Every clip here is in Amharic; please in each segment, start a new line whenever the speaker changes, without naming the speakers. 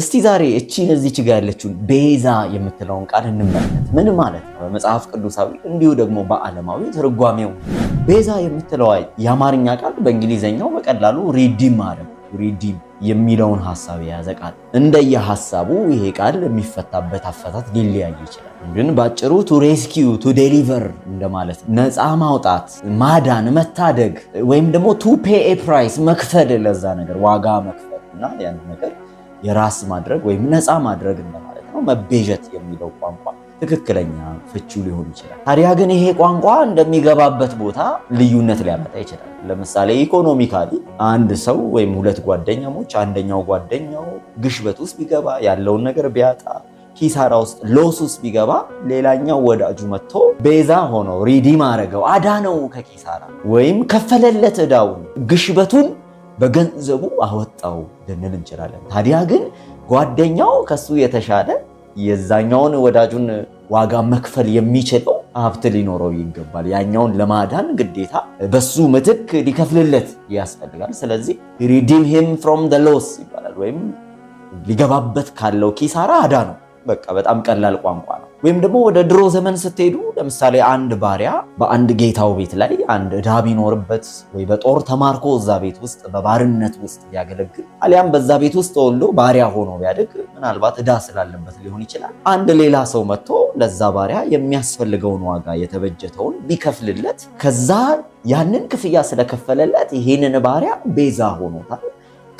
እስቲ ዛሬ እቺ እዚች ጋር ያለችውን ቤዛ የምትለውን ቃል እንመልከት። ምን ማለት ነው? በመጽሐፍ ቅዱሳዊ እንዲሁ ደግሞ በዓለማዊ ትርጓሜው ቤዛ የምትለዋ የአማርኛ ቃል በእንግሊዝኛው በቀላሉ ሪዲም ማለት ሪዲም የሚለውን ሀሳብ የያዘ ቃል። እንደየ ሀሳቡ ይሄ ቃል የሚፈታበት አፈታት ሊለያይ ይችላል። ግን በአጭሩ ቱ ሬስኪዩ ቱ ዴሊቨር እንደማለት ነፃ ማውጣት፣ ማዳን፣ መታደግ ወይም ደግሞ ቱ ፔ ኤ ፕራይስ መክፈል፣ ለዛ ነገር ዋጋ መክፈል እና ያን ነገር የራስ ማድረግ ወይም ነፃ ማድረግ እንደማለት ነው። መቤዠት የሚለው ቋንቋ ትክክለኛ ፍቹ ሊሆን ይችላል። ታዲያ ግን ይሄ ቋንቋ እንደሚገባበት ቦታ ልዩነት ሊያመጣ ይችላል። ለምሳሌ ኢኮኖሚካሊ አንድ ሰው ወይም ሁለት ጓደኛሞች አንደኛው ጓደኛው ግሽበት ውስጥ ቢገባ ያለውን ነገር ቢያጣ ኪሳራ ውስጥ ሎስ ውስጥ ቢገባ ሌላኛው ወዳጁ መጥቶ ቤዛ ሆኖ ሪዲም አረገው አዳነው ከኪሳራ ወይም ከፈለለት ዕዳውን ግሽበቱን በገንዘቡ አወጣው ልንል እንችላለን። ታዲያ ግን ጓደኛው ከሱ የተሻለ የዛኛውን ወዳጁን ዋጋ መክፈል የሚችለው ሀብት ሊኖረው ይገባል። ያኛውን ለማዳን ግዴታ በሱ ምትክ ሊከፍልለት ያስፈልጋል። ስለዚህ ሪዲም ሂም ፍሮም ደ ሎስ ይባላል፣ ወይም ሊገባበት ካለው ኪሳራ አዳ ነው። በቃ በጣም ቀላል ቋንቋ ነው። ወይም ደግሞ ወደ ድሮ ዘመን ስትሄዱ ለምሳሌ አንድ ባሪያ በአንድ ጌታው ቤት ላይ አንድ እዳ ቢኖርበት ወይ በጦር ተማርኮ እዛ ቤት ውስጥ በባርነት ውስጥ ቢያገለግል አሊያም በዛ ቤት ውስጥ ተወልዶ ባሪያ ሆኖ ቢያድግ ምናልባት እዳ ስላለበት ሊሆን ይችላል። አንድ ሌላ ሰው መጥቶ ለዛ ባሪያ የሚያስፈልገውን ዋጋ የተበጀተውን ቢከፍልለት ከዛ ያንን ክፍያ ስለከፈለለት ይህንን ባሪያ ቤዛ ሆኖታል፣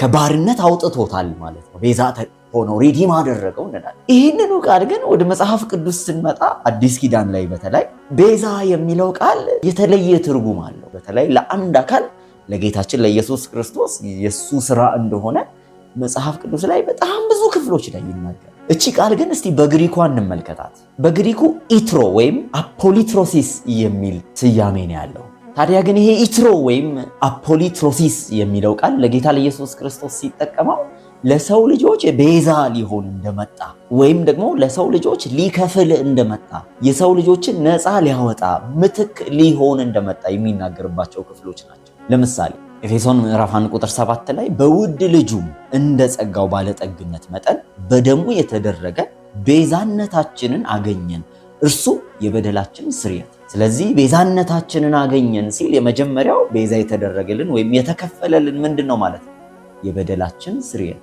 ከባርነት አውጥቶታል ማለት ነው። ቤዛ ሆኖ ሪዲም አደረገው እንላለን። ይህንኑ ቃል ግን ወደ መጽሐፍ ቅዱስ ስንመጣ አዲስ ኪዳን ላይ በተለይ ቤዛ የሚለው ቃል የተለየ ትርጉም አለው። በተለይ ለአንድ አካል ለጌታችን ለኢየሱስ ክርስቶስ የእሱ ስራ እንደሆነ መጽሐፍ ቅዱስ ላይ በጣም ብዙ ክፍሎች ላይ ይናገራል። እቺ ቃል ግን እስቲ በግሪኳ እንመልከታት። በግሪኩ ኢትሮ ወይም አፖሊትሮሲስ የሚል ስያሜ ነው ያለው። ታዲያ ግን ይሄ ኢትሮ ወይም አፖሊትሮሲስ የሚለው ቃል ለጌታ ለኢየሱስ ክርስቶስ ሲጠቀመው ለሰው ልጆች ቤዛ ሊሆን እንደመጣ ወይም ደግሞ ለሰው ልጆች ሊከፍል እንደመጣ የሰው ልጆችን ነፃ ሊያወጣ ምትክ ሊሆን እንደመጣ የሚናገርባቸው ክፍሎች ናቸው። ለምሳሌ ኤፌሶን ምዕራፍ 1 ቁጥር 7 ላይ በውድ ልጁም እንደ ጸጋው ባለጠግነት መጠን በደሙ የተደረገ ቤዛነታችንን አገኘን እርሱ የበደላችን ስርየት። ስለዚህ ቤዛነታችንን አገኘን ሲል የመጀመሪያው ቤዛ የተደረገልን ወይም የተከፈለልን ምንድን ነው ማለት ነው? የበደላችን ስርየት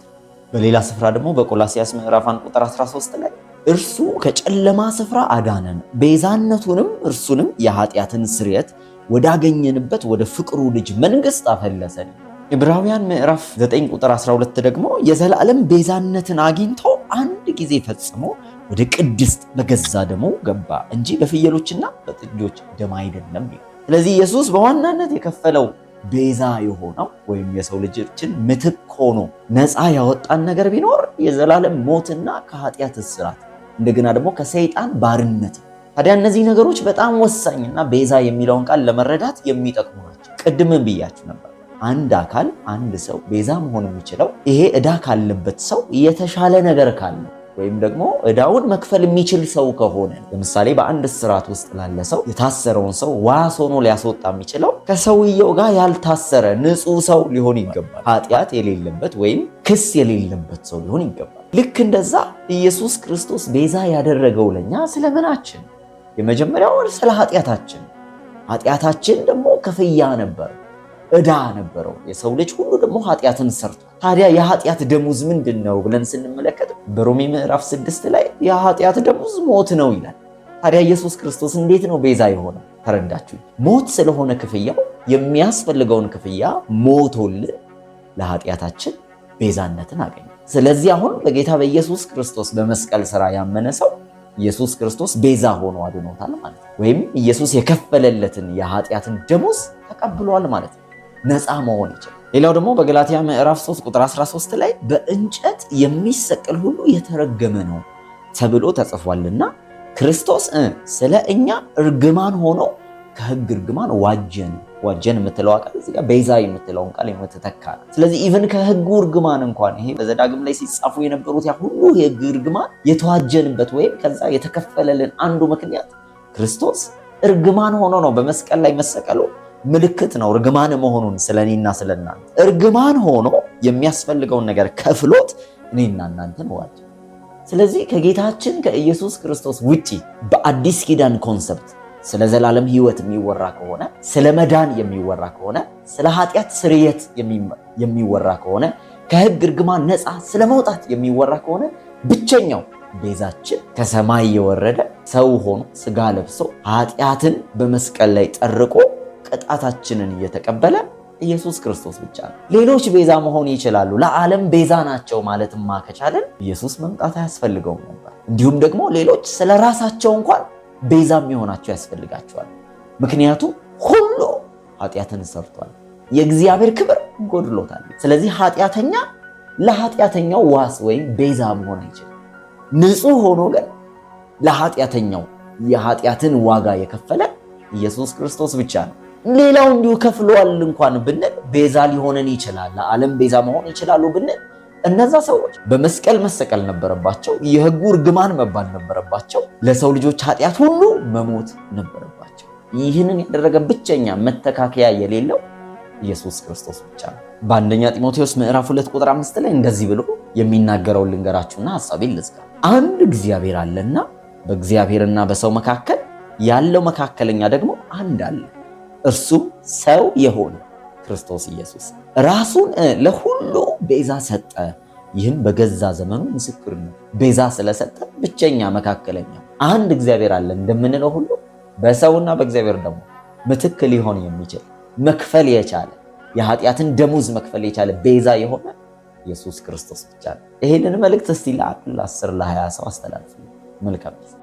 በሌላ ስፍራ ደግሞ በቆላሲያስ ምዕራፍ 1 ቁጥር 13 ላይ እርሱ ከጨለማ ስፍራ አዳነን፣ ቤዛነቱንም እርሱንም የኃጢአትን ስርየት ወዳገኘንበት ወደ ፍቅሩ ልጅ መንግስት አፈለሰን። ዕብራውያን ምዕራፍ 9 ቁጥር 12 ደግሞ የዘላለም ቤዛነትን አግኝቶ አንድ ጊዜ ፈጽሞ ወደ ቅድስት በገዛ ደሙ ገባ እንጂ በፍየሎችና በጥጆች ደም አይደለም። ስለዚህ ኢየሱስ በዋናነት የከፈለው ቤዛ የሆነው ወይም የሰው ልጆችን ምትክ ሆኖ ነፃ ያወጣን ነገር ቢኖር የዘላለም ሞትና ከኃጢአት እስራት እንደገና ደግሞ ከሰይጣን ባርነት። ታዲያ እነዚህ ነገሮች በጣም ወሳኝና ቤዛ የሚለውን ቃል ለመረዳት የሚጠቅሙ ናቸው። ቅድምን ብያችሁ ነበር። አንድ አካል አንድ ሰው ቤዛ መሆን የሚችለው ይሄ እዳ ካለበት ሰው የተሻለ ነገር ካለ ወይም ደግሞ እዳውን መክፈል የሚችል ሰው ከሆነ ለምሳሌ በአንድ ስርዓት ውስጥ ላለ ሰው የታሰረውን ሰው ዋስ ሆኖ ሊያስወጣ የሚችለው ከሰውየው ጋር ያልታሰረ ንጹህ ሰው ሊሆን ይገባል። ኃጢአት የሌለበት ወይም ክስ የሌለበት ሰው ሊሆን ይገባል። ልክ እንደዛ ኢየሱስ ክርስቶስ ቤዛ ያደረገው ለእኛ ስለምናችን የመጀመሪያው ስለ ኃጢአታችን፣ ኃጢአታችን ደግሞ ክፍያ ነበር፣ እዳ ነበረው። የሰው ልጅ ሁሉ ደግሞ ኃጢአትን ሰርቷል። ታዲያ የኃጢአት ደሞዝ ምንድን ነው ብለን ስንመለከት በሮሜ ምዕራፍ ስድስት ላይ የኃጢአት ደሙዝ ሞት ነው ይላል። ታዲያ ኢየሱስ ክርስቶስ እንዴት ነው ቤዛ የሆነ? ተረዳችሁ? ሞት ስለሆነ ክፍያው የሚያስፈልገውን ክፍያ ሞቶልን ለኃጢአታችን ቤዛነትን አገኘ። ስለዚህ አሁን በጌታ በኢየሱስ ክርስቶስ በመስቀል ስራ ያመነ ሰው ኢየሱስ ክርስቶስ ቤዛ ሆኖ አድኖታል ማለት ነው። ወይም ኢየሱስ የከፈለለትን የኃጢአትን ደሙዝ ተቀብሏል ማለት ነው። ነፃ መሆን ይችላል። ሌላው ደግሞ በገላትያ ምዕራፍ 3 ቁጥር 13 ላይ በእንጨት የሚሰቀል ሁሉ የተረገመ ነው ተብሎ ተጽፏልና ክርስቶስ ስለ እኛ እርግማን ሆኖ ከህግ እርግማን ዋጀን። ዋጀን የምትለው ቃል እዚህ ጋር ቤዛ የምትለውን ቃል የምትተካ ነው። ስለዚህ ኢቨን ከሕጉ እርግማን እንኳን ይሄ በዘዳግም ላይ ሲጻፉ የነበሩት ያ ሁሉ የህግ እርግማን የተዋጀንበት ወይም ከዛ የተከፈለልን አንዱ ምክንያት ክርስቶስ እርግማን ሆኖ ነው በመስቀል ላይ መሰቀሉ ምልክት ነው እርግማን መሆኑን ስለ እኔና ስለ እናንተ እርግማን ሆኖ የሚያስፈልገውን ነገር ከፍሎት እኔና እናንተን ዋጅ። ስለዚህ ከጌታችን ከኢየሱስ ክርስቶስ ውጪ በአዲስ ኪዳን ኮንሰፕት ስለ ዘላለም ሕይወት የሚወራ ከሆነ ስለ መዳን የሚወራ ከሆነ ስለ ኃጢአት ስርየት የሚወራ ከሆነ ከሕግ እርግማን ነፃ ስለ መውጣት የሚወራ ከሆነ ብቸኛው ቤዛችን ከሰማይ የወረደ ሰው ሆኖ ስጋ ለብሶ ኃጢአትን በመስቀል ላይ ጠርቆ ቅጣታችንን እየተቀበለ ኢየሱስ ክርስቶስ ብቻ ነው። ሌሎች ቤዛ መሆን ይችላሉ፣ ለዓለም ቤዛ ናቸው ማለት ማ ከቻለን ኢየሱስ መምጣት አያስፈልገውም ነበር። እንዲሁም ደግሞ ሌሎች ስለ ራሳቸው እንኳን ቤዛ የሚሆናቸው ያስፈልጋቸዋል። ምክንያቱም ሁሉ ኃጢአትን ሰርቷል፣ የእግዚአብሔር ክብር ጎድሎታል። ስለዚህ ኃጢአተኛ ለኃጢአተኛው ዋስ ወይም ቤዛ መሆን አይችልም። ንጹህ ሆኖ ግን ለኃጢአተኛው የኃጢአትን ዋጋ የከፈለ ኢየሱስ ክርስቶስ ብቻ ነው። ሌላው እንዲሁ ከፍለዋል እንኳን ብንል ቤዛ ሊሆንን ይችላል፣ ለዓለም ቤዛ መሆን ይችላሉ ብንል እነዛ ሰዎች በመስቀል መሰቀል ነበረባቸው። የህጉ እርግማን መባል ነበረባቸው። ለሰው ልጆች ኃጢአት ሁሉ መሞት ነበረባቸው። ይህንን ያደረገ ብቸኛ መተካከያ የሌለው ኢየሱስ ክርስቶስ ብቻ ነው። በአንደኛ ጢሞቴዎስ ምዕራፍ 2 ቁጥር 5 ላይ እንደዚህ ብሎ የሚናገረው ልንገራችሁና ሐሳቤን ልዝጋ። አንድ እግዚአብሔር አለና በእግዚአብሔርና በሰው መካከል ያለው መካከለኛ ደግሞ አንድ አለ እርሱም ሰው የሆነ ክርስቶስ ኢየሱስ ራሱን ለሁሉ ቤዛ ሰጠ። ይህም በገዛ ዘመኑ ምስክር ነው። ቤዛ ስለሰጠ ብቸኛ መካከለኛ አንድ እግዚአብሔር አለ እንደምንለው ሁሉ በሰውና በእግዚአብሔር ደግሞ ምትክ ሊሆን የሚችል መክፈል የቻለ የኃጢአትን ደሙዝ መክፈል የቻለ ቤዛ የሆነ ኢየሱስ ክርስቶስ ብቻ ነው። ይህንን መልእክት እስቲ ለአንድ ለአስር ለሀያ ሰው አስተላልፍ። መልካም